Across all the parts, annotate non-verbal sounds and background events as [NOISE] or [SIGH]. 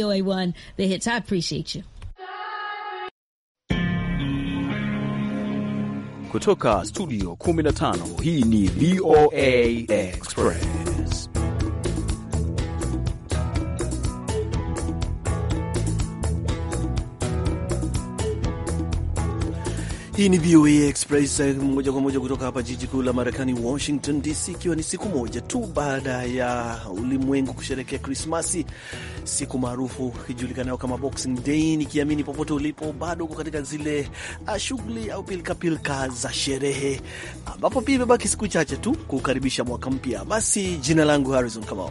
VOA1, the hits. I appreciate you. Kutoka studio 15 hii ni VOA Express. Hii ni VOA Express eh, moja kwa moja kutoka hapa jiji kuu la Marekani, Washington DC, ikiwa ni siku moja tu baada ya ulimwengu kusherekea Krismasi, siku maarufu ijulikanayo kama Boxing Day, nikiamini popote ulipo bado uko katika zile ah, shughuli au pilkapilka za sherehe, ambapo pia imebaki siku chache tu kukaribisha mwaka mpya. Basi jina langu Harrison Kamau.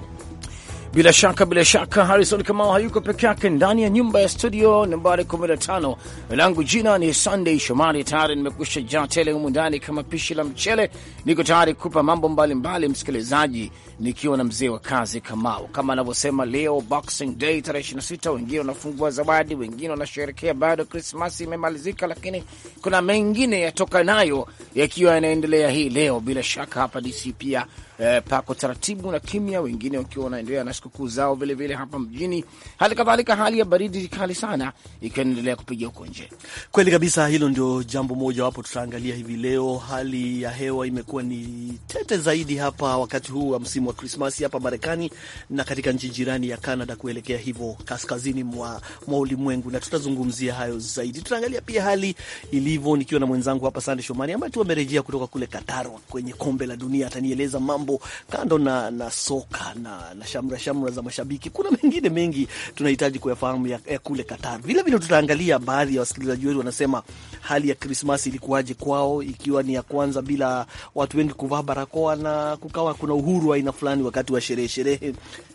Bila shaka bila shaka, Harrison Kamau hayuko peke yake ndani ya nyumba ya studio nambari 15. Langu jina ni Sunday Shomari, tayari nimekwisha jaa tele humu ndani kama pishi la mchele. Niko tayari kupa mambo mbalimbali, msikilizaji, nikiwa na mzee wa kazi Kamau. Kama anavyosema leo Boxing Day tarehe 26, wengine wanafungua zawadi, wengine wanasherekea, bado Krismasi imemalizika, lakini kuna mengine yatoka nayo yakiwa yanaendelea hii leo. Bila shaka hapa DC pia eh, pako taratibu na kimya, wengine wakiwa wanaendelea na sikukuu zao vilevile vile hapa mjini. Hali kadhalika hali ya baridi kali sana ikiwa inaendelea kupiga huko nje. Kweli kabisa, hilo ndio jambo moja wapo tutaangalia hivi leo. Hali ya hewa imekuwa ni tete zaidi hapa wakati huu wa msimu wa Krismasi hapa Marekani na katika nchi jirani ya Canada kuelekea hivyo kaskazini mwa, mwa ulimwengu, na tutazungumzia hayo zaidi. Tutaangalia pia hali ilivyo nikiwa na mwenzangu hapa Sande Shomari ambaye tu amerejea kutoka kule Qatar kwenye kombe la dunia, atanieleza mambo mambo kando na, na soka na, na shamra shamra za mashabiki, kuna mengine mengi tunahitaji kuyafahamu ya, ya kule Qatar. vile tutaangalia baadhi ya wasikilizaji wetu wanasema hali ya Krismas ilikuwaje kwao, ikiwa ni ya kwanza bila watu wengi kuvaa barakoa na kukawa kuna uhuru wa aina fulani wakati wa sherehe sherehe,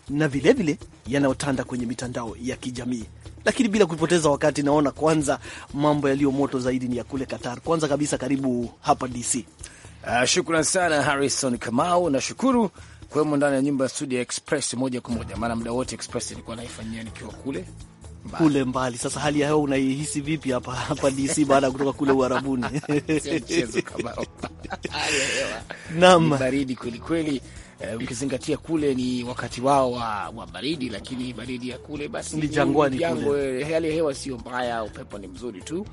na vilevile yanayotanda kwenye mitandao ya kijamii. Lakini bila kupoteza wakati, naona kwanza mambo yaliyo moto zaidi ni ya kule Qatar. Kwanza kabisa, karibu hapa DC. Uh, shukran sana Harrison Kamau, nashukuru kuwemo ndani ya nyumba ya studio Express moja kwa moja, maana muda wote Express ilikuwa naifanyia nikiwa kule mbali, kule mbali. Sasa hali ya hewa unaihisi vipi hapa hapa DC baada ya kutoka kule Uarabuni? [LAUGHS] [LAUGHS] Naam, baridi kwelikweli uh, ukizingatia kule ni wakati wao wa, wa baridi, lakini baridi ya kule basi ni jangwani kule, eh, hali ya hewa sio mbaya, upepo ni mzuri tu,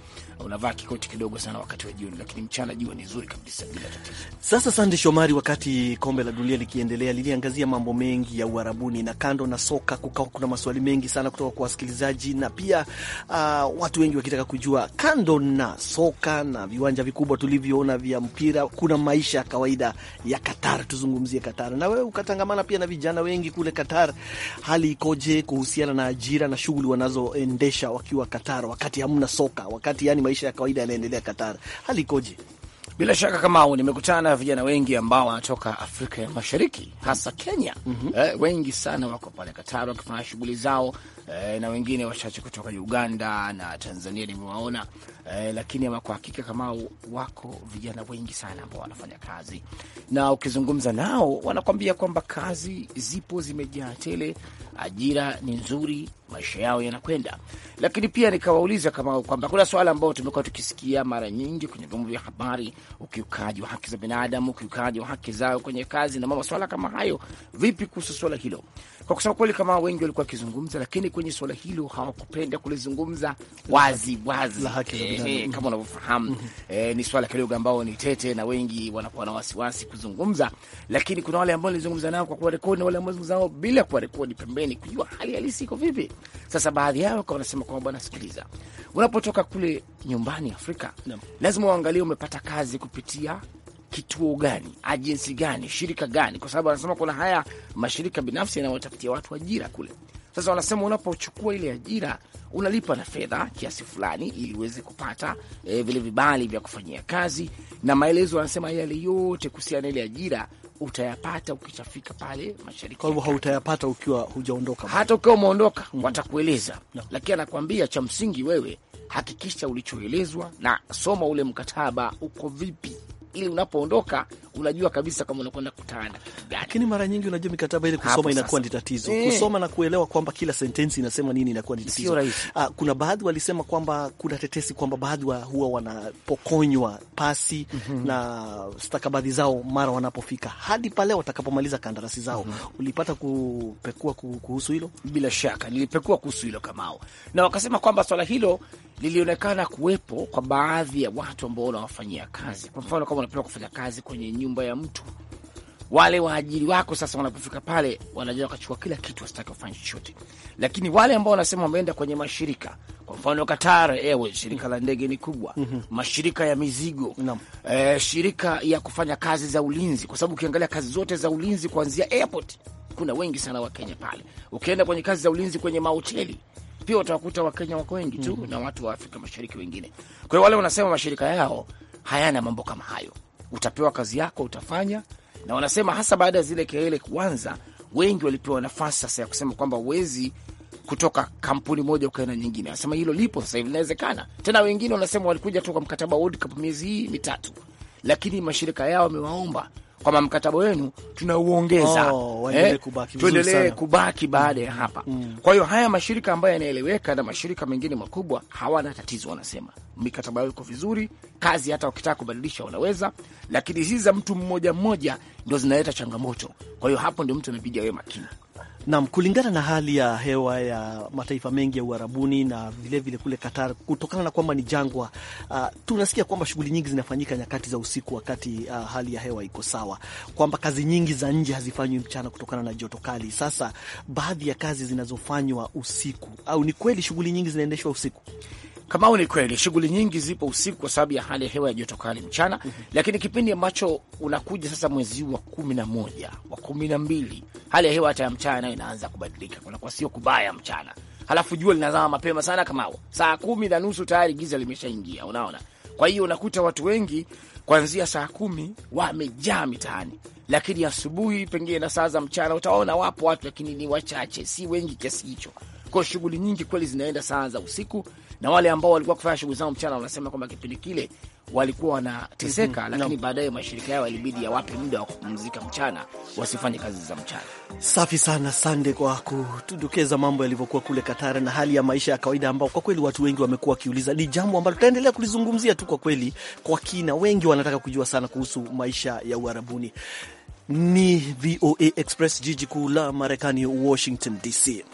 unavaa kikoti kidogo sana wakati wa jioni, lakini mchana jua ni nzuri kabisa bila tatizo. Sasa Sande Shomari, wakati kombe la dunia likiendelea, liliangazia mambo mengi ya Uarabuni na kando na soka, kukawa kuna maswali mengi sana kutoka kwa wasikilizaji na pia uh, watu wengi wakitaka kujua kando na soka na viwanja vikubwa tulivyoona vya mpira, kuna maisha ya kawaida ya Qatar. Tuzungumzie Qatar na wewe ukatangamana pia na vijana wengi kule Qatar. Hali ikoje kuhusiana na ajira na shughuli wanazoendesha wakiwa Qatar, wakati hamna soka, wakati yani maisha ya kawaida yanaendelea Qatar, hali ikoje? Bila shaka Kamau, nimekutana na vijana wengi ambao wanatoka Afrika ya Mashariki, hasa Kenya. mm -hmm. Eh, wengi sana wako pale qatar wakifanya shughuli zao eh, na wengine wachache kutoka Uganda na Tanzania nimewaona eh, lakini ama kwa hakika kama wako vijana wengi sana ambao wanafanya kazi na ukizungumza nao wanakwambia kwamba kazi zipo zimejaa tele, ajira ni nzuri, maisha yao yanakwenda. Lakini pia nikawauliza kama kwamba kuna swala ambao tumekuwa tukisikia mara nyingi kwenye vyombo vya habari, ukiukaji wa haki za binadamu, ukiukaji wa haki zao kwenye kazi na maswala kama hayo. Vipi kuhusu swala hilo? Kwa kusema kweli, kama wengi walikuwa wakizungumza, lakini kwenye swala hilo hawakupenda kulizungumza wazi wazi, eh, lakini eh, kama unavyofahamu mhm. eh, ni swala kidogo ambao ni tete na wengi wanakuwa na wasiwasi kuzungumza, lakini kuna wale ambao nilizungumza nao kwa kuwarekodi na wale ambao nilizungumza nao bila kuwarekodi pembeni, kujua hali halisi iko vipi. Sasa baadhi yao wakawa wanasema kwamba bwana, sikiliza, unapotoka kule nyumbani Afrika no. lazima uangalie umepata kazi kupitia kituo gani, ajensi gani, shirika gani, kwa sababu anasema kuna haya mashirika binafsi yanayotafutia watu ajira kule sasa wanasema unapochukua ile ajira unalipa na fedha kiasi fulani, ili uweze kupata e, vile vibali vya kufanyia kazi, na maelezo wanasema yale yote kuhusiana na ile ajira utayapata ukishafika pale mashariki. Kwa hivyo hautayapata ukiwa hujaondoka, hata ukiwa umeondoka mm -hmm. watakueleza no. Lakini anakuambia cha msingi, wewe hakikisha ulichoelezwa na soma ule mkataba uko vipi ili unapoondoka unajua kabisa kama unakwenda kutana Lakini mara nyingi unajua mikataba ile kusoma inakuwa ni tatizo e. Kusoma na kuelewa kwamba kila sentensi inasema nini inakuwa ni tatizo. Ah, kuna baadhi walisema kwamba kuna tetesi kwamba baadhi wa huwa wanapokonywa pasi mm -hmm. na stakabadhi zao mara wanapofika hadi pale watakapomaliza kandarasi zao mm -hmm. Ulipata kupekua kuhusu hilo? Bila shaka nilipekua kuhusu hilo Kamao, na wakasema kwamba swala hilo lilionekana kuwepo kwa baadhi ya watu ambao wanawafanyia kazi. Kwa mfano, kama unapewa kufanya kazi kwenye nyumba ya mtu, wale waajiri wako sasa wanapofika pale wanaja wakachukua kila kitu, wasitaki wafanya chochote. Lakini wale ambao wanasema wameenda kwenye mashirika, kwa mfano Qatar Airways, shirika la ndege ni kubwa, mm -hmm. mashirika ya mizigo no. -hmm. eh, shirika ya kufanya kazi za ulinzi, kwa sababu ukiangalia kazi zote za ulinzi kuanzia airport kuna wengi sana Wakenya pale. Ukienda kwenye kazi za ulinzi kwenye mahoteli pia utawakuta Wakenya wako wengi tu mm -hmm. na watu wa Afrika Mashariki wengine. Kwa hiyo wale wanasema mashirika yao hayana mambo kama hayo, utapewa kazi yako utafanya, na wanasema hasa baada ya zile kelele kuanza, wengi walipewa nafasi sasa ya kusema kwamba uwezi kutoka kampuni moja ukaenda nyingine. Anasema hilo lipo sasa hivi linawezekana tena. Wengine wanasema walikuja kwa mkataba wa World Cup miezi hii mitatu, lakini mashirika yao amewaomba kwamba mkataba wenu tunauongeza, oh, eh, tuendelee kubaki baada ya mm, hapa mm. Kwa hiyo haya mashirika ambayo yanaeleweka na mashirika mengine makubwa hawana tatizo, wanasema mikataba yao iko vizuri, kazi hata wakitaka kubadilisha wanaweza, lakini hizi za mtu mmoja mmoja ndo zinaleta changamoto. Kwa hiyo hapo ndio mtu amepiga wewe makini. Naam, kulingana na hali ya hewa ya mataifa mengi ya Uarabuni na vilevile vile kule Qatar, kutokana na kwamba ni jangwa uh, tunasikia kwamba shughuli nyingi zinafanyika nyakati za usiku, wakati uh, hali ya hewa iko sawa, kwamba kazi nyingi za nje hazifanywi mchana kutokana na joto kali. Sasa baadhi ya kazi zinazofanywa usiku, au ni kweli shughuli nyingi zinaendeshwa usiku? kama ni kweli shughuli nyingi zipo usiku kwa sababu ya hali ya hewa ya joto kali mchana mm -hmm. Lakini kipindi ambacho unakuja sasa mwezi wa kumi na moja wa kumi na mbili hali ya hewa hata ya mchana nayo inaanza kubadilika, kunakuwa sio kubaya mchana, halafu jua linazama mapema sana, Kamau, saa kumi na nusu tayari giza limeshaingia, unaona. Kwa hiyo unakuta watu wengi kuanzia saa kumi wamejaa mitaani, lakini asubuhi pengine na saa za mchana utaona wapo watu, lakini ni wachache, si wengi kiasi hicho. Kwa shughuli nyingi kweli zinaenda saa za usiku na wale ambao walikuwa kufanya shughuli zao mchana wanasema kwamba kipindi kile walikuwa wanateseka, mm -hmm. lakini no. baadaye mashirika yao yalibidi yawape muda wa kupumzika mchana, wasifanye kazi za mchana. Safi sana, sande kwa kutudokeza mambo yalivyokuwa kule Katara na hali ya maisha ya kawaida, ambao kwa kweli watu wengi wamekuwa wakiuliza. Ni jambo ambalo tutaendelea kulizungumzia tu kwa kweli kwa kina, wengi wanataka kujua sana kuhusu maisha ya uharabuni. Ni VOA Express, jiji kuu la Marekani, Washington DC.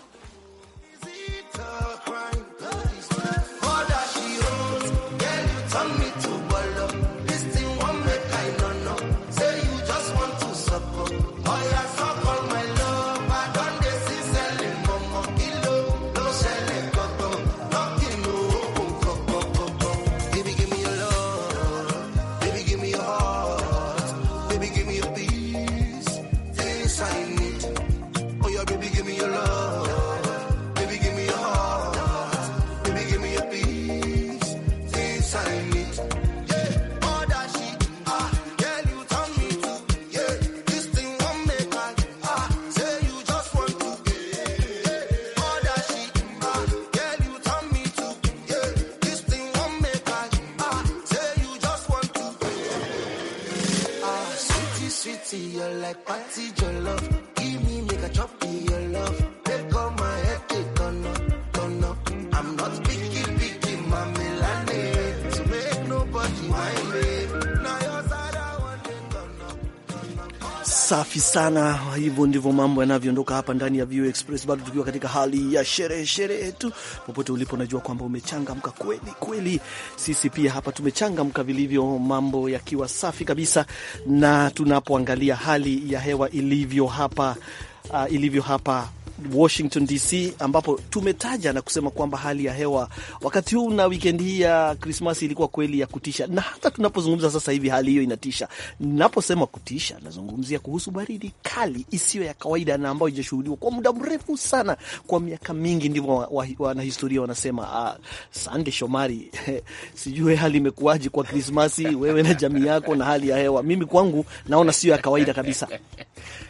Safi sana. Hivyo ndivyo mambo yanavyoondoka hapa ndani ya VOA Express, bado tukiwa katika hali ya sherehe sherehe tu. Popote ulipo, najua kwamba umechangamka kweli kweli. Sisi pia hapa tumechangamka vilivyo, mambo yakiwa safi kabisa, na tunapoangalia hali ya hewa ilivyo hapa Uh, ilivyo hapa Washington DC, ambapo tumetaja na kusema kwamba hali ya hewa wakati huu na wikendi hii ya Krismasi ilikuwa kweli ya kutisha, na hata tunapozungumza sasa hivi hali hiyo inatisha. Naposema kutisha, nazungumzia kuhusu baridi kali isiyo ya kawaida na ambayo ijashuhudiwa kwa muda mrefu sana, kwa miaka mingi. Ndivyo wanahistoria wa, wa, wanasema. Uh, Sande Shomari, [LAUGHS] sijui hali imekuwaje kwa Krismasi wewe na jamii yako na hali ya hewa. Mimi kwangu naona siyo ya kawaida kabisa. [LAUGHS]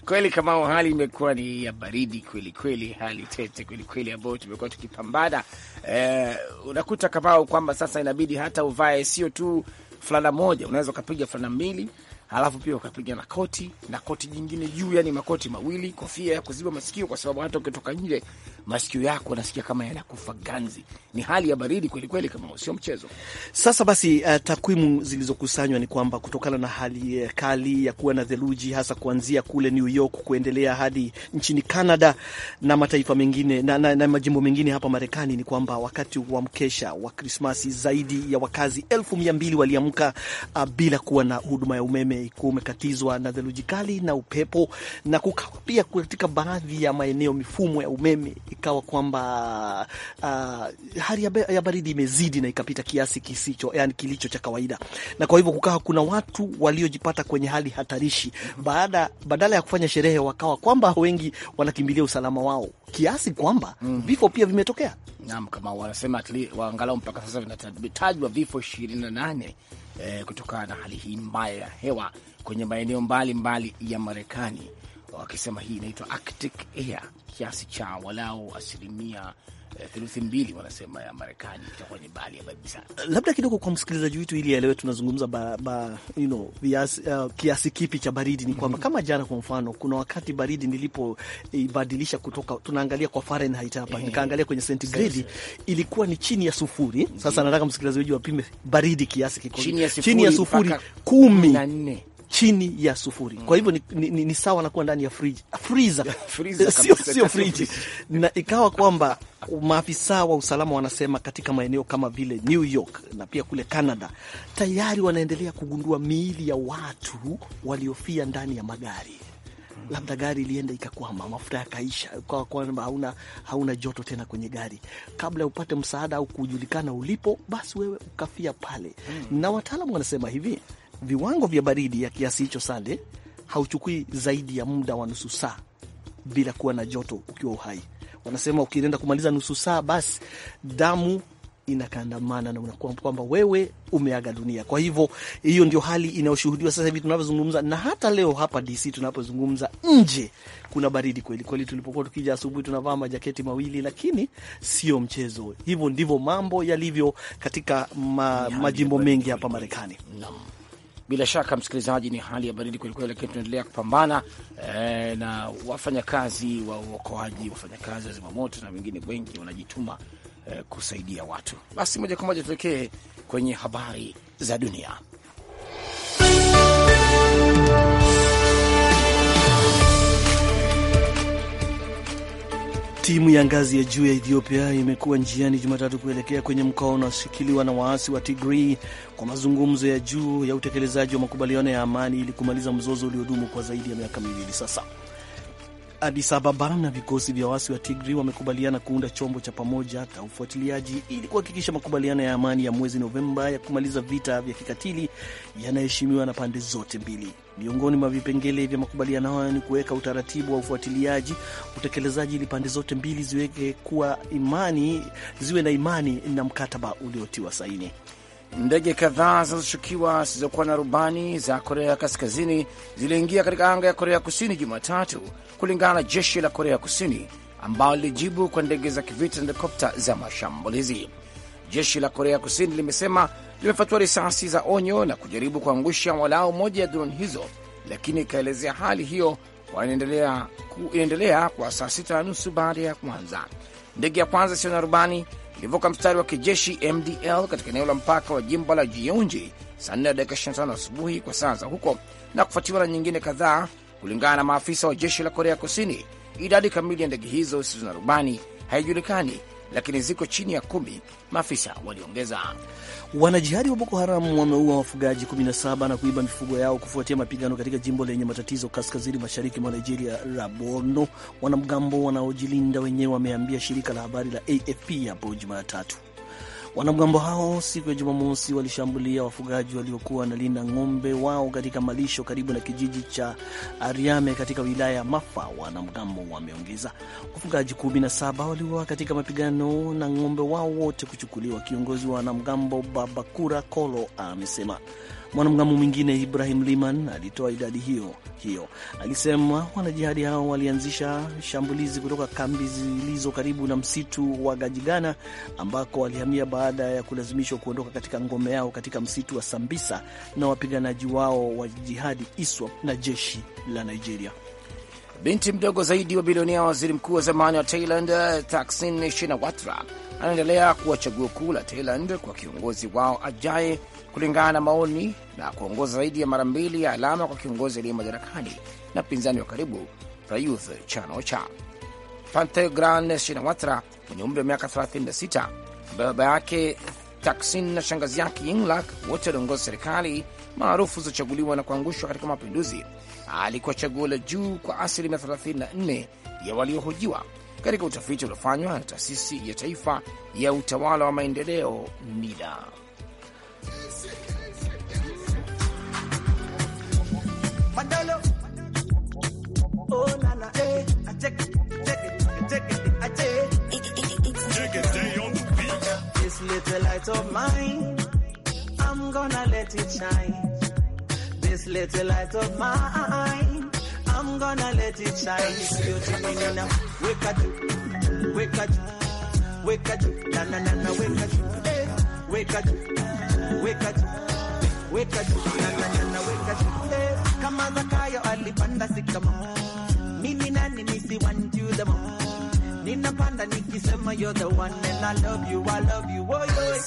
Kweli kama hali imekuwa ni ya baridi kweli kweli, hali tete kwelikweli ambayo tumekuwa tukipambana. Eh, unakuta kamao kwamba sasa inabidi hata uvae sio tu fulana moja, unaweza ukapiga fulana mbili alafu pia ukapiga na koti na koti jingine juu, yani makoti mawili, kofia ya kuziba masikio, kwa sababu hata ukitoka nje masikio yako nasikia kama yanakufa ganzi. Ni hali ya baridi kwelikweli, kama sio mchezo. Sasa basi, uh, takwimu zilizokusanywa ni kwamba kutokana na hali uh, kali ya kuwa na theluji hasa kuanzia kule New York kuendelea hadi nchini Canada na mataifa mengine na, na, na majimbo mengine hapa Marekani, ni kwamba wakati wa mkesha wa Krismasi zaidi ya wakazi elfu mia mbili waliamka uh, bila kuwa na huduma ya umeme umekuwa umekatizwa na theluji kali na upepo, na kukawa pia katika baadhi ya maeneo mifumo ya umeme ikawa kwamba uh, hali ya baridi imezidi na ikapita kiasi kisicho, yani kilicho cha kawaida, na kwa hivyo kukawa kuna watu waliojipata kwenye hali hatarishi. Baada badala ya kufanya sherehe, wakawa kwamba wengi wanakimbilia usalama wao kiasi kwamba mm, vifo pia vimetokea. Naam, kama wanasema atli, waangalau mpaka sasa vinatajwa vifo ishirini na nane eh, kutokana na hali hii mbaya ya hewa kwenye maeneo mbalimbali ya Marekani, wakisema hii inaitwa Arctic Air, kiasi cha walau asilimia Eh, theluthi mbili wanasema ya Marekani itakuwa ni bali ya baridi sana. Labda kidogo kwa msikilizaji wetu ili aelewe tunazungumza ba, ba, you know, uh, kiasi kipi cha baridi ni kwamba mhm. kama jana kwa mfano, kuna wakati baridi nilipoibadilisha eh, kutoka tunaangalia kwa Fahrenheit hapa eh. nikaangalia kwenye sentigredi ilikuwa ni chini ya sufuri. Sasa mhm. nataka msikilizaji wetu apime baridi kiasi kiko chini ya sufuri, chini ya sufuri kumi na nne chini ya sufuri. Kwa hivyo ni, ni, ni, ni sawa na kuwa ndani ya friji friza, [LAUGHS] sio sio friji, na ikawa kwamba maafisa wa usalama wanasema katika maeneo kama vile New York na pia kule Canada tayari wanaendelea kugundua miili ya watu waliofia ndani ya magari labda gari ilienda ikakwama, mafuta yakaisha, ukawa kwamba hauna, hauna joto tena kwenye gari. Kabla ya upate msaada au kujulikana ulipo, basi wewe ukafia pale hmm. Na wataalamu wanasema hivi viwango vya baridi ya kiasi hicho, Sande, hauchukui zaidi ya muda wa nusu saa bila kuwa na joto ukiwa uhai. Wanasema ukienda kumaliza nusu saa, basi damu inakandamana na unakuwa kwamba wewe umeaga dunia. Kwa hivyo hiyo ndio hali inayoshuhudiwa sasa hivi tunavyozungumza, na hata leo hapa DC tunapozungumza, nje kuna baridi kweli kweli. Tulipokuwa tukija asubuhi, tunavaa majaketi mawili, lakini sio mchezo. Hivyo ndivyo mambo yalivyo katika ma, majimbo mengi hapa Marekani. Bila shaka msikilizaji, ni hali ya baridi kwelikweli, lakini tunaendelea kupambana e, na wafanyakazi wa uokoaji, wafanyakazi wa zimamoto na wengine wengi wanajituma e, kusaidia watu. Basi moja kwa moja tuelekee kwenye habari za dunia. Timu ya ngazi ya juu ya Ethiopia imekuwa njiani Jumatatu kuelekea kwenye mkoa unaoshikiliwa na waasi wa Tigray kwa mazungumzo ya juu ya utekelezaji wa makubaliano ya amani ili kumaliza mzozo uliodumu kwa zaidi ya miaka miwili sasa. Addis Ababa na vikosi vya waasi wa Tigri wamekubaliana kuunda chombo cha pamoja cha ufuatiliaji ili kuhakikisha makubaliano ya amani ya mwezi Novemba ya kumaliza vita vya kikatili yanaheshimiwa na pande zote mbili. Miongoni mwa vipengele vya makubaliano hayo ni kuweka utaratibu wa ufuatiliaji, utekelezaji, ili pande zote mbili ziweke kuwa imani, ziwe na imani na mkataba uliotiwa saini. Ndege kadhaa zinazoshukiwa zilizokuwa na rubani za Korea Kaskazini ziliingia katika anga ya Korea Kusini Jumatatu, kulingana na jeshi la Korea Kusini ambalo lilijibu kwa ndege za kivita na helikopta za mashambulizi. Jeshi la Korea Kusini limesema limefatua risasi za onyo na kujaribu kuangusha walau moja ya droni hizo, lakini ikaelezea hali hiyo inaendelea kwa saa sita na nusu baada ya kwanza Ndege ya kwanza isiyo na rubani ilivuka mstari wa kijeshi MDL katika eneo la mpaka wa jimbo la Jiunji saa 4 dakika 25 asubuhi kwa saa za huko na kufuatiwa na nyingine kadhaa, kulingana na maafisa wa jeshi la Korea Kusini. Idadi kamili ya ndege hizo zisizo na rubani haijulikani, lakini ziko chini ya kumi, maafisa waliongeza. Wanajihadi wa Boko Haram wameua wafugaji 17 na kuiba mifugo yao kufuatia mapigano katika jimbo lenye matatizo kaskazini mashariki mwa Nigeria la Borno. Wanamgambo wanaojilinda wenyewe wameambia shirika la habari la AFP hapo Jumatatu. Wanamgambo hao siku ya Jumamosi walishambulia wafugaji waliokuwa wanalinda ng'ombe wao katika malisho karibu na kijiji cha Ariame katika wilaya ya Mafa. Wanamgambo wameongeza wafugaji na saba waliuawa katika mapigano na ng'ombe wao wote kuchukuliwa. Kiongozi wa wanamgambo Babakura Kolo amesema Mwanamgambo mwingine Ibrahim Liman alitoa idadi hiyo hiyo, alisema wanajihadi hao walianzisha shambulizi kutoka kambi zilizo karibu na msitu wa Gajigana ambako walihamia baada ya kulazimishwa kuondoka katika ngome yao katika msitu wa Sambisa na wapiganaji wao wa jihadi ISWAP na jeshi la Nigeria. Binti mdogo zaidi wa bilionea waziri mkuu wa zamani wa Thailand Thaksin Shinawatra anaendelea kuwa chaguo kuu la Thailand kwa kiongozi wao ajaye kulingana na maoni na kuongoza zaidi ya mara mbili ya alama kwa kiongozi aliye madarakani na mpinzani wa karibu Prayuth chan pante cha Shinawatra mwenye umri wa miaka 36 ambaye baba yake Taksin na shangazi yake Yingluck wote waliongoza serikali maarufu zilizochaguliwa na kuangushwa katika mapinduzi, alikuwa chaguo la juu kwa asilimia 34 ya waliohojiwa katika utafiti uliofanywa na taasisi ya taifa ya utawala wa maendeleo NIDA. This little light of mine, I'm gonna let it shine. This little light of mine, I'm gonna let it shine. Wake up, wake up, wake up, wake up, eh, wake up. weka juu, weka juu, nanyana weka juu, kama Zakayo alipanda sikama, mimi nani nisiwanju the moon ninapanda nikisema you're the one and I love you, I love you, oh yeah.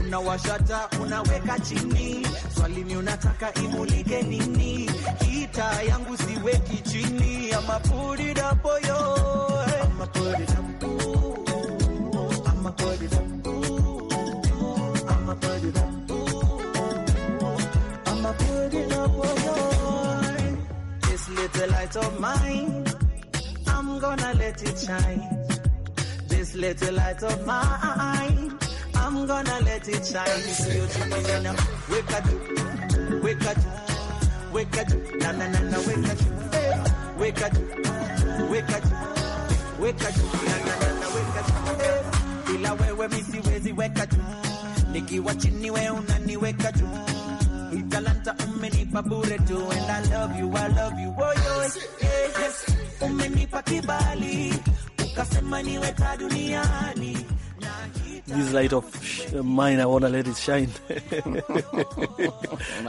Unawashata, unaweka chini, swali ni unataka imulike nini? Kita yangu siweki chini, ama put it up, oh yeah. Ama put it up, ama put it up the light of mine. I'm gonna let it shine. This little light of mine. I'm gonna let it shine. Wake up, wake up, wake up, na na na na, wake up, wake up, wake up, wake up, na na na na, wake up. Ila wewe mimi siwezi weka Niki wachini we unani unaniweka tu Utalanta umenipa bure tu and I love you, I love you, oh yes, yes. Umenipa kibali ukasema niwe ta duniani This light of mine I wanna let it shine.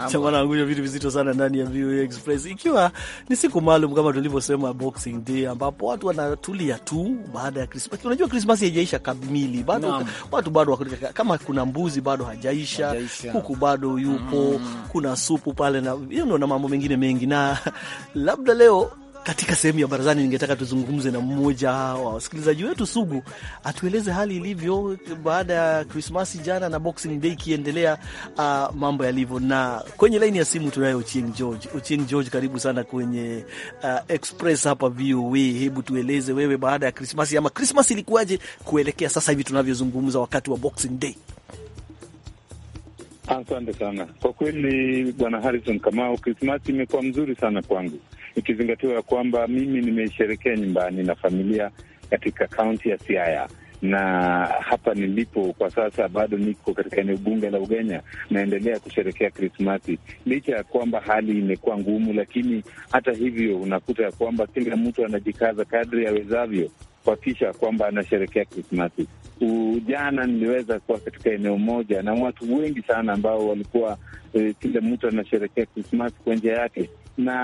Chama naangusha vitu vizito sana ndani ya VOA Express, ikiwa ni siku maalum kama tulivyosema Boxing Day, ambapo watu wanatulia tu baada ya Krismasi. Unajua Christmas haijaisha kamili bado, watu bado kama kuna mbuzi bado hajaisha, hajaisha. Kuku bado yupo mm. Kuna supu pale na you know, na mambo mengine mengi na labda leo katika sehemu ya barazani, ningetaka tuzungumze na mmoja wa wasikilizaji wetu sugu, atueleze hali ilivyo baada ya Krismasi jana na Boxing Day ikiendelea, uh, mambo yalivyo. Na kwenye laini ya simu tunaye Ochieng George. Ochieng George, karibu sana kwenye uh, Express hapa VOA. Hebu tueleze wewe, baada ya Krismasi ama Krismasi ilikuwaje kuelekea sasa hivi tunavyozungumza, wakati wa Boxing Day? Asante sana kwa kweli, Bwana harison Kamau, Krismasi imekuwa mzuri sana kwangu ikizingatiwa ya kwamba mimi nimeisherekea nyumbani na familia katika kaunti ya Siaya na hapa nilipo kwa sasa bado niko katika eneo bunge la Ugenya, naendelea kusherekea Krismasi licha ya kwamba hali imekuwa ngumu, lakini hata hivyo unakuta ya kwamba kila mtu anajikaza kadri awezavyo kuhakikisha kwamba anasherekea Krismasi. ujana niliweza kuwa katika eneo moja na watu wengi sana ambao walikuwa eh, kila mtu anasherekea Krismasi kwa njia yake na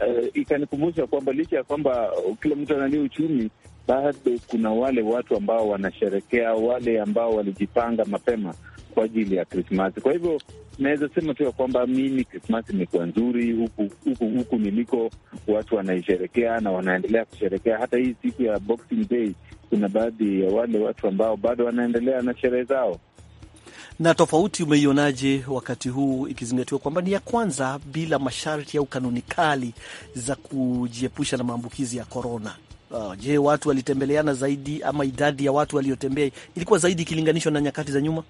uh, ikanikumbusha kwamba licha ya kwamba kila mtu analia uchumi, bado kuna wale watu ambao wanasherekea, wale ambao walijipanga mapema kwa ajili ya Krismasi. Kwa hivyo naweza sema tu ya kwamba mimi Krismasi imekuwa nzuri huku huku huku niliko, watu wanaisherekea na wanaendelea kusherekea. Hata hii siku ya Boxing Day kuna baadhi ya wale watu ambao bado wanaendelea na sherehe zao. Na tofauti umeionaje wakati huu ikizingatiwa kwamba ni ya kwanza bila masharti au kanuni kali za kujiepusha na maambukizi ya korona? Uh, je, watu walitembeleana zaidi ama idadi ya watu waliotembea ilikuwa zaidi ikilinganishwa na nyakati za nyuma?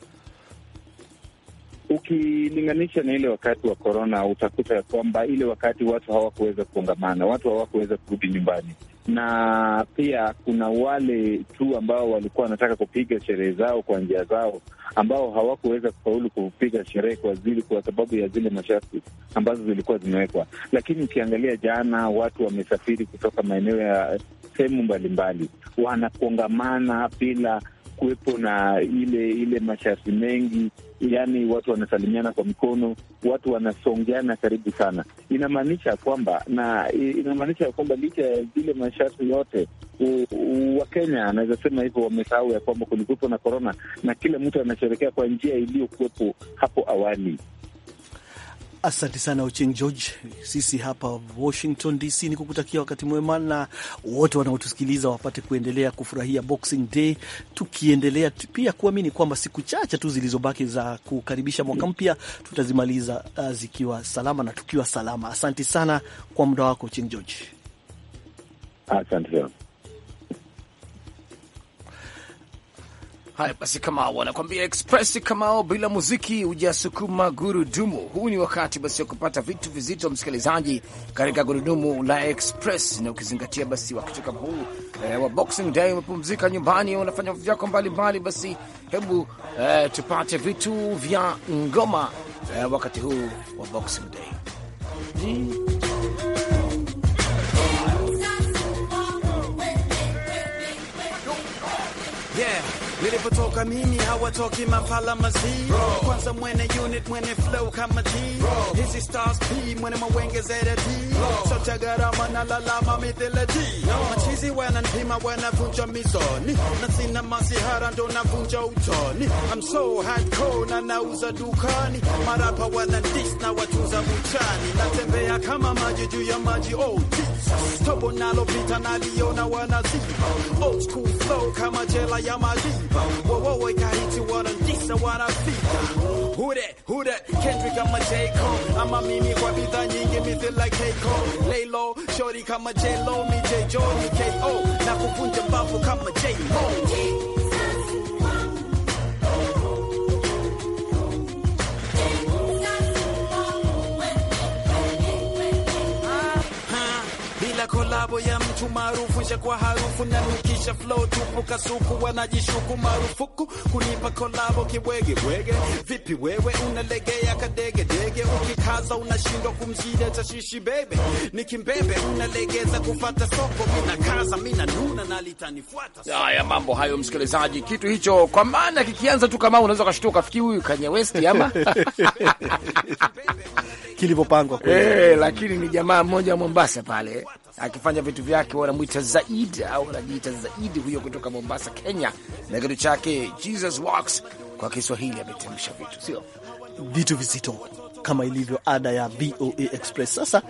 Ukilinganisha na ile wakati wa korona, utakuta ya kwamba ile wakati watu hawakuweza kuongamana, watu hawakuweza kurudi nyumbani na pia kuna wale tu ambao walikuwa wanataka kupiga sherehe zao kwa njia zao, ambao hawakuweza kufaulu kupiga sherehe kwa zili kwa sababu ya zile masharti ambazo zilikuwa zimewekwa. Lakini ukiangalia jana, watu wamesafiri kutoka maeneo ya sehemu mbalimbali, wanakongamana bila kuwepo na ile ile masharti mengi, yaani watu wanasalimiana kwa mikono, watu wanasongeana karibu sana. Inamaanisha kwamba na inamaanisha kwamba licha ya zile masharti yote, Wakenya anaweza sema hivyo, wamesahau ya kwamba kulikuwepo na korona na kila mtu anasherekea kwa njia iliyokuwepo hapo awali. Asante sana Ochieng George. Sisi hapa Washington DC ni kukutakia wakati mwema, na wote wanaotusikiliza wapate kuendelea kufurahia Boxing Day, tukiendelea pia kuamini kwamba siku chache tu zilizobaki za kukaribisha mwaka mpya tutazimaliza uh, zikiwa salama na tukiwa salama. Asante sana kwa muda wako Ochieng George, asante sana. Haya basi, Kamao anakuambia express Kamao, bila muziki hujasukuma gurudumu. Huu ni wakati basi wa kupata vitu vizito, msikilizaji, katika gurudumu la express, na ukizingatia basi wakati kama huu eh, wa Boxing Day, umepumzika nyumbani, unafanya vitu vyako mbalimbali, basi hebu eh, tupate vitu vya ngoma eh, wakati huu wa Boxing Day hmm. nilipotoka mimi hawatoki mafala mazi kwanza, mwene unit mwene flow kama G, hizi stars B mwene mawenge zera sote gharama na lalama mithila D, machizi wananipima wanavunja mizoni, na sina masihara ndo navunja utoni, I'm so hardcore na nauza dukani, marapa wanandis na watuza buchani, natembea kama maji juu ya maji OT tobo nalopita naliona wanaziba old school flow kama jela ya madiba wowowe kahiti wanantisa wanafika hude hude Kendrick kama J Cole ama mimi kwa bidhaa nyingi mithili like K Cole Laylo shori kama J Lo mi J Jo ni na kukunja mbavu kama J Lo labo ya mtu maarufu nje kwa harufu na nikisha flow tupu kasuku wanajishuku marufuku kunipa kolabo kibwege bwege vipi wewe unalegea kadege dege ukikaza unashindwa kumzida tashishi bebe nikimbebe unalegeza kufata soko minakaza minanuna na litanifuata haya mambo hayo msikilizaji kitu hicho kwa maana kikianza tu kama unaweza kashtuka fikiri huyu Kanye West ama [LAUGHS] kilivyopangwa kweli eh lakini ni jamaa mmoja wa Mombasa pale akifanya vitu vyake, wanamwita Zaid au anajiita Zaidi huyo kutoka Mombasa, Kenya, na kitu chake Jesus Walks. Kwa Kiswahili ametemsha vitu, sio vitu vizito kama ilivyo ada ya VOA Express. Sasa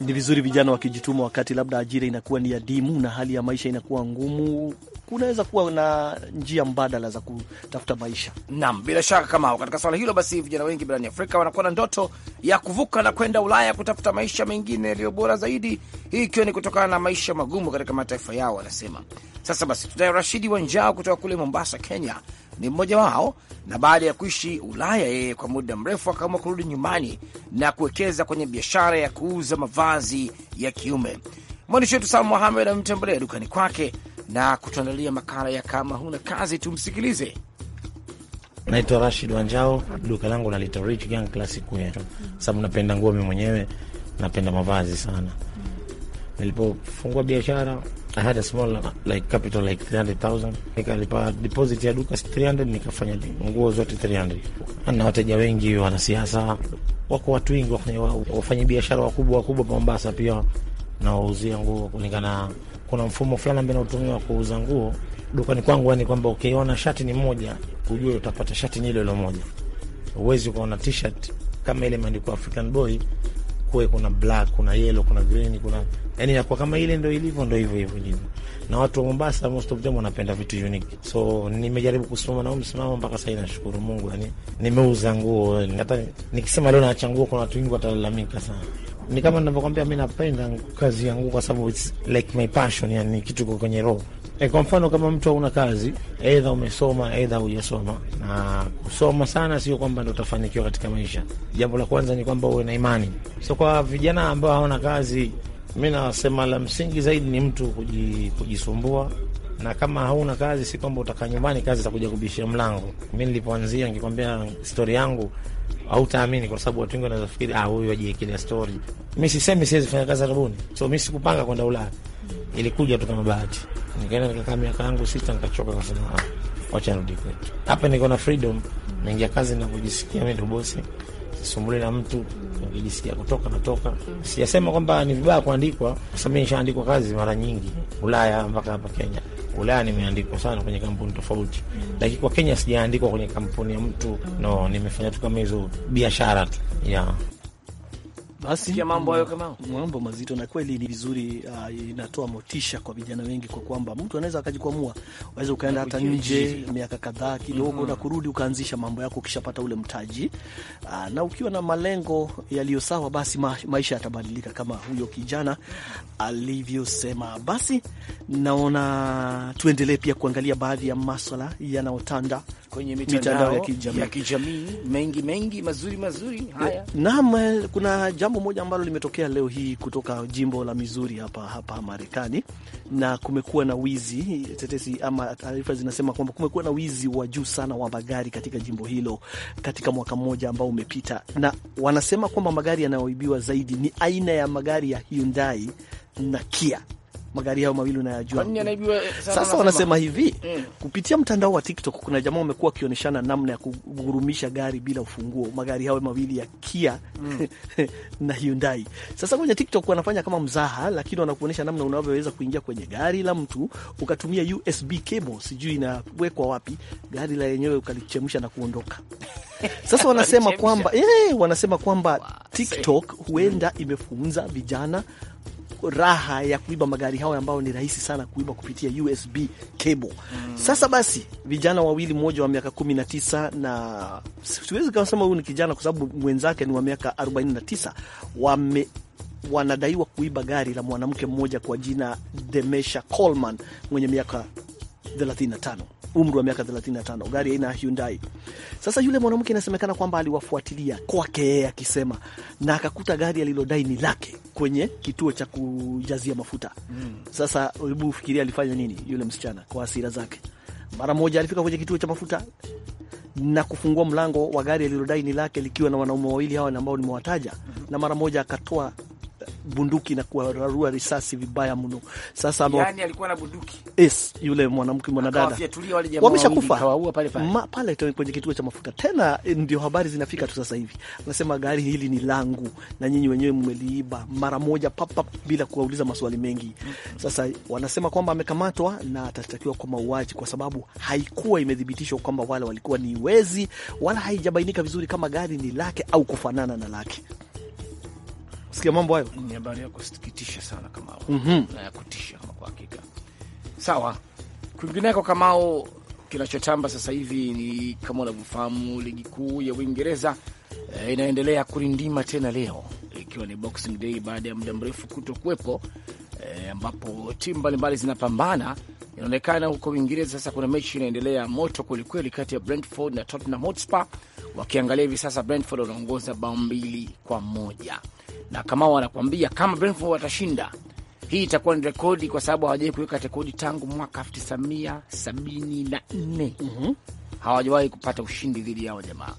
ni vizuri vijana wakijituma, wakati labda ajira inakuwa ni adimu na hali ya maisha inakuwa ngumu, kunaweza kuwa na njia mbadala za kutafuta maisha. Naam, bila shaka kama katika swala hilo, basi vijana wengi barani Afrika wanakuwa na ndoto ya kuvuka na kwenda Ulaya kutafuta maisha mengine yaliyo bora zaidi, hii ikiwa ni kutokana na maisha magumu katika mataifa yao, wanasema. Sasa basi, tunaye Rashidi Wanjao kutoka kule Mombasa, Kenya ni mmoja wao, na baada ya kuishi Ulaya yeye kwa muda mrefu akaamua kurudi nyumbani na kuwekeza kwenye biashara ya kuuza mavazi ya kiume. Mwandishi wetu Sam Mohamed amemtembelea dukani kwake na kutuandalia makala ya kama huna kazi. Tumsikilize. Naitwa Rashid Wanjao, duka langu nalita Rich Gang Classic Wear, sababu napenda nguo mimi mwenyewe, napenda mavazi sana. Nilipofungua biashara I had a small like capital like 300,000 nikalipa deposit ya duka 300, nikafanya nguo zote 300. Na wateja wengi, wanasiasa wako, watu wengi wafanya biashara wakubwa wakubwa Mombasa pia, nawauzia nguo kulingana kuna mfumo fulani ambao unatumiwa kuuza nguo dukani kwangu, yani kwamba ukiona shati ni moja ujue utapata shati ni ile ile moja. Uwezi kuona t-shirt kama ile imeandikwa African Boy kuwe kuna black, kuna yellow, kuna green, kuna yani inakuwa kama ile ndio ilivyo, ndio hivyo hivyo hivyo. Na watu wa Mombasa most of them wanapenda vitu unique, so nimejaribu kusimama na msimamo mpaka sasa, nashukuru Mungu, yani nimeuza nguo. Hata nikisema leo naacha nguo, kuna watu wengi watalalamika sana ni kama ninavyokwambia, mi napenda kazi yangu kwa sababu it's like my passion, yani kitu kiko kwenye roho. E, kwa mfano kama mtu hauna kazi, aidha umesoma aidha hujasoma, na kusoma sana sio kwamba ndo utafanikiwa katika maisha. Jambo la kwanza ni kwamba uwe na imani. So kwa vijana ambao hawana kazi, mi nasema la msingi zaidi ni mtu kujisumbua na kama hauna kazi, si kwamba utakaa nyumbani, kazi za kuja kubishia mlango. Mi nilipoanzia, nikikwambia stori yangu au taamini, kwa sababu watu wengi wanaweza fikiri ah, huyu ajiwekelea stori. Mi sisemi siwezi kufanya kazi karibuni, so mi sikupanga kwenda Ulaya, ilikuja tu kama bahati. Nikaenda nikakaa miaka yangu sita, nikachoka, kasema ah, wacha nirudi kwetu. Hapa niko na freedom, naingia kazi navyojisikia, mi ndo bosi, sisumbuli na mtu nikijisikia kutoka natoka. Sijasema kwamba ni vibaya kuandikwa, kwa sababu nishaandikwa kazi mara nyingi Ulaya mpaka hapa Kenya fulani imeandikwa sana kwenye kampuni tofauti, mm. lakini kwa Kenya sijaandikwa kwenye kampuni ya mtu no, nimefanya tu kama hizo biashara tu yeah. Basi mambo hayo kama mambo mazito, na kweli ni vizuri. Uh, inatoa motisha kwa vijana wengi, kwa kwamba mtu anaweza akajikwamua, waweza ukaenda hata nje miaka kadhaa kidogo mm -hmm. na kurudi ukaanzisha mambo yako ukishapata ule mtaji uh, na ukiwa na malengo yaliyo sawa, basi ma maisha yatabadilika kama huyo kijana alivyosema. Basi naona tuendelee pia kuangalia baadhi ya maswala yanayotanda kwenye mitandao ya kijamii, mengi mengi mazuri mazuri. Haya, naam, eh, kuna jambo moja ambalo limetokea leo hii kutoka jimbo la mizuri hapa hapa Marekani, na kumekuwa na wizi tetesi ama taarifa zinasema kwamba kumekuwa na wizi wa juu sana wa magari katika jimbo hilo katika mwaka mmoja ambao umepita, na wanasema kwamba magari yanayoibiwa zaidi ni aina ya magari ya Hyundai na Kia magari hayo mawili unayajua. Eh, Sasa wanasema hivi mm, kupitia mtandao wa TikTok kuna jamaa wamekuwa wakionyeshana namna ya kugurumisha gari bila ufunguo, magari hayo mawili ya Kia mm, [LAUGHS] na Hyundai. Sasa kwenye TikTok wanafanya kama mzaha, lakini wanakuonyesha namna unavyoweza kuingia kwenye gari la mtu ukatumia USB cable, sijui inawekwa wapi, gari la yenyewe ukalichemsha na kuondoka. [LAUGHS] Sasa wanasema kwamba eh, wanasema kwamba TikTok huenda imefunza vijana raha ya kuiba magari hayo ambayo ni rahisi sana kuiba kupitia USB cable. Mm. Sasa basi vijana wawili, mmoja wa miaka kumi na tisa na siwezi kusema huyu ni kijana kwa sababu mwenzake ni wa miaka 49 wame wanadaiwa kuiba gari la mwanamke mmoja kwa jina Demesha Coleman mwenye miaka 35 umri wa miaka 35, gari aina ya Hyundai. Sasa yule mwanamke inasemekana kwamba aliwafuatilia kwake yeye akisema, na akakuta gari alilodai ni lake kwenye kituo cha kujazia mafuta mm. Sasa hebu ufikiria alifanya nini yule msichana kwa hasira zake. Mara moja alifika kwenye kituo cha mafuta na kufungua mlango wa gari alilodai ni lake likiwa na wanaume wawili hawa ambao nimewataja, na mara moja akatoa bunduki na kuwararua risasi vibaya mno. Sasa yani, alikuwa na bunduki yes, yule mwanamke mwanadada, wameshakufa pale kwenye kituo cha mafuta. Tena eh, ndio habari zinafika tu sasa hivi, anasema gari hili ni langu na nyinyi wenyewe mmeliiba mara moja papa bila kuwauliza maswali mengi. Sasa wanasema kwamba amekamatwa na atashtakiwa kwa mauaji, kwa sababu haikuwa imethibitishwa kwamba wale walikuwa ni wezi, wala haijabainika vizuri kama gari ni lake au kufanana na lake kusikia mambo hayo. Ni habari ya kusikitisha sana Kamao, mm -hmm. na ya kutisha kwa hakika. Sawa, kwingineko Kamao, kinachotamba sasa hivi ni kama unavyofahamu, ligi kuu ya Uingereza e, inaendelea kurindima tena leo ikiwa ni Boxing Day baada ya muda mrefu kuto kuwepo, eh, ambapo e, timu mbalimbali zinapambana. Inaonekana huko Uingereza sasa kuna mechi inaendelea moto kwelikweli kati ya Brentford na Tottenham Hotspur. Wakiangalia hivi sasa, Brentford wanaongoza bao mbili kwa moja na kama wanakwambia kama Brentford watashinda, hii itakuwa ni rekodi, kwa sababu hawajawai kuweka rekodi tangu mwaka 1974 mm -hmm. hawajawahi kupata ushindi dhidi yao jamaa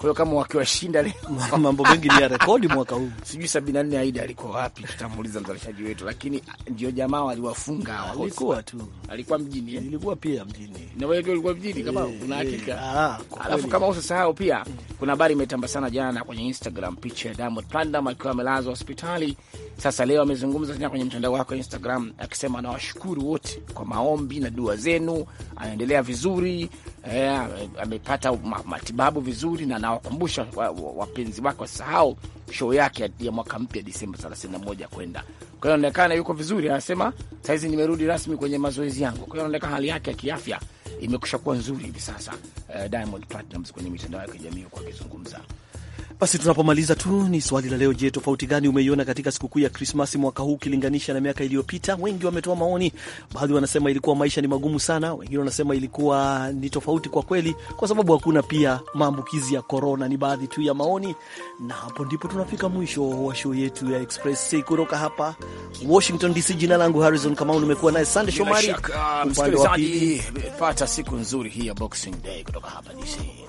kwa hiyo kama wakiwashinda leo [LAUGHS] mambo mengi ni ya rekodi mwaka huu. Sijui 74 Aida alikuwa wapi, tutamuuliza mzalishaji wetu, lakini ndio jamaa waliwafunga. Alikuwa tu alikuwa mjini, nilikuwa eh? pia mjini, na wewe pia ulikuwa mjini kama eh, una hakika. Ah, Alafu kama usisahau pia, kuna habari imetamba sana jana kwenye Instagram, picha ya Diamond Platnumz akiwa amelazwa hospitali. Sasa leo amezungumza tena kwenye mtandao wake wa Instagram akisema anawashukuru wote kwa maombi na dua zenu, anaendelea vizuri eh, amepata matibabu vizuri, na anawakumbusha wapenzi wake wasahau show yake ya mwaka mpya Disemba 31 kwenda. Kwa hiyo anaonekana yuko vizuri, anasema sahizi nimerudi rasmi kwenye mazoezi yangu. Kwa hiyo anaonekana hali yake ya kiafya imekusha kuwa nzuri hivi sasa. Eh, Diamond Platinumz kwenye mitandao yake ya kijamii huko akizungumza basi tunapomaliza tu ni swali la leo. Je, tofauti gani umeiona katika sikukuu ya Krismasi mwaka huu ukilinganisha na miaka iliyopita? Wengi wametoa maoni, baadhi wanasema ilikuwa maisha ni magumu sana, wengine wanasema ilikuwa ni tofauti kwa kweli, kwa sababu hakuna pia maambukizi ya korona. Ni baadhi tu ya maoni, na hapo ndipo tunafika mwisho wa show yetu ya Express kutoka hapa Washington DC. Jina langu Harrison Kamau, nimekuwa naye Sande Shomari upande wa pili. Pata siku nzuri hii ya Boxing Day kutoka hapa DC.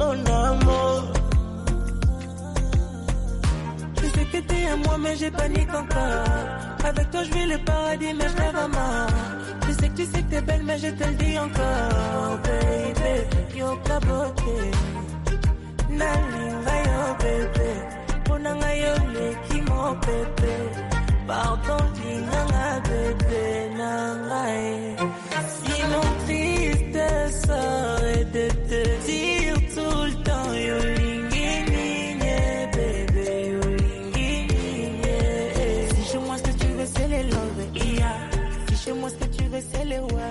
mon amour. Je sais que t'es à moi, mais j'ai panique encore. Avec toi, je vis le paradis, mais je rêve à Je sais que tu sais que t'es belle, mais je te le dis encore. Baby, yo kabote. Nalinga yo, bébé. Ponanga yo, qui mo, bébé. Pardon, dinanga, bébé, nangae. Si mon triste sort de te dire. Tell you what.